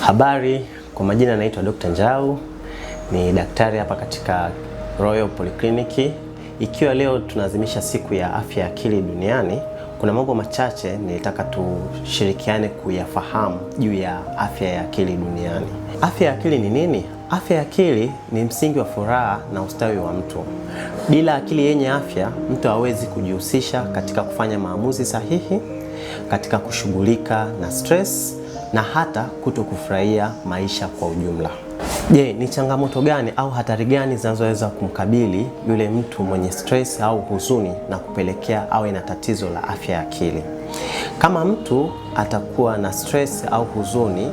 Habari, kwa majina naitwa Dr. Njau, ni daktari hapa katika Royal Polyclinic. Ikiwa leo tunaadhimisha siku ya afya ya akili duniani, kuna mambo machache nilitaka tushirikiane kuyafahamu juu ya afya ya akili duniani. Afya ya akili ni nini? Afya ya akili ni msingi wa furaha na ustawi wa mtu. Bila akili yenye afya, mtu hawezi kujihusisha katika kufanya maamuzi sahihi, katika kushughulika na stress na hata kutokufurahia maisha kwa ujumla. Je, ni changamoto gani au hatari gani zinazoweza kumkabili yule mtu mwenye stress au huzuni na kupelekea awe na tatizo la afya ya akili? Kama mtu atakuwa na stress au huzuni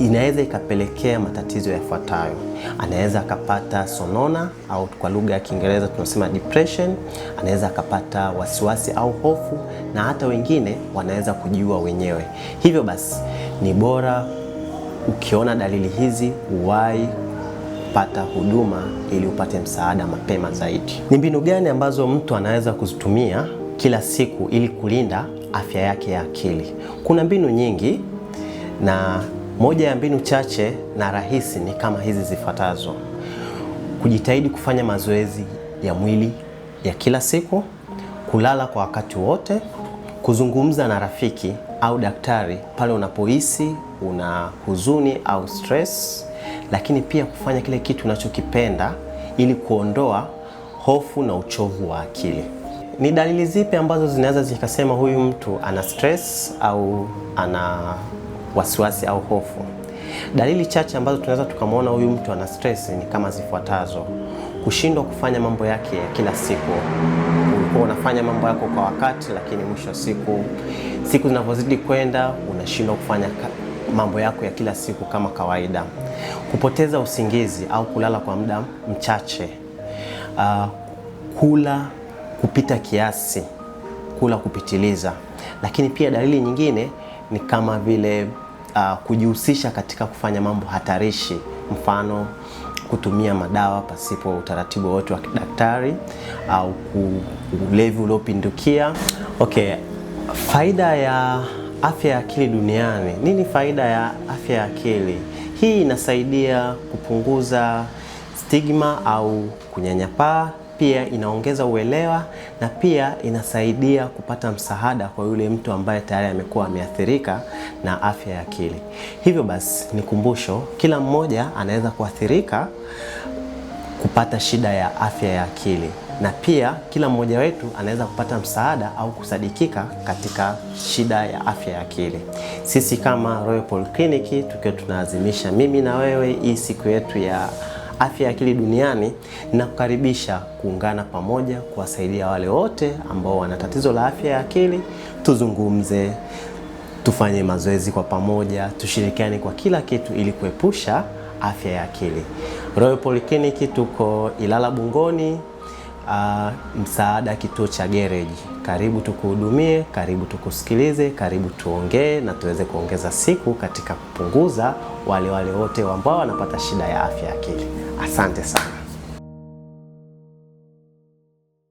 inaweza ikapelekea matatizo yafuatayo. Anaweza akapata sonona au kwa lugha ya Kiingereza tunasema depression. Anaweza akapata wasiwasi au hofu, na hata wengine wanaweza kujiua wenyewe. Hivyo basi, ni bora ukiona dalili hizi uwai pata huduma ili upate msaada mapema zaidi. Ni mbinu gani ambazo mtu anaweza kuzitumia kila siku ili kulinda afya yake ya akili? Kuna mbinu nyingi na moja ya mbinu chache na rahisi ni kama hizi zifuatazo: kujitahidi kufanya mazoezi ya mwili ya kila siku, kulala kwa wakati wote, kuzungumza na rafiki au daktari pale unapohisi una huzuni au stress, lakini pia kufanya kile kitu unachokipenda ili kuondoa hofu na uchovu wa akili. Ni dalili zipi ambazo zinaweza zikasema huyu mtu ana stress au ana wasiwasi au hofu. Dalili chache ambazo tunaweza tukamwona huyu mtu ana stress ni kama zifuatazo: kushindwa kufanya mambo yake ya kila siku. Ulikuwa unafanya mambo yako kwa wakati, lakini mwisho wa siku, siku zinavyozidi kwenda, unashindwa kufanya mambo yako ya kila siku kama kawaida. Kupoteza usingizi au kulala kwa muda mchache. Uh, kula kupita kiasi, kula kupitiliza. Lakini pia dalili nyingine ni kama vile uh, kujihusisha katika kufanya mambo hatarishi, mfano kutumia madawa pasipo utaratibu wowote wa kidaktari au ulevi uliopindukia. Okay, faida ya afya ya akili duniani. Nini faida ya afya ya akili? Hii inasaidia kupunguza stigma au kunyanyapaa pia inaongeza uelewa na pia inasaidia kupata msaada kwa yule mtu ambaye tayari amekuwa ameathirika na afya ya akili. Hivyo basi ni kumbusho, kila mmoja anaweza kuathirika kupata shida ya afya ya akili na pia kila mmoja wetu anaweza kupata msaada au kusadikika katika shida ya afya ya akili. Sisi kama Royal Polyclinic tukiwa tunaazimisha mimi na wewe hii siku yetu ya afya ya akili duniani na kukaribisha kuungana pamoja kuwasaidia wale wote ambao wana tatizo la afya ya akili. Tuzungumze, tufanye mazoezi kwa pamoja, tushirikiane kwa kila kitu ili kuepusha afya ya akili. Royal Polyclinic tuko Ilala Bungoni uh, msaada kituo cha gereji. Karibu tukuhudumie, karibu tukusikilize, karibu tuongee na tuweze kuongeza siku katika kupunguza wale wale wote ambao wanapata shida ya afya ya akili. Asante sana.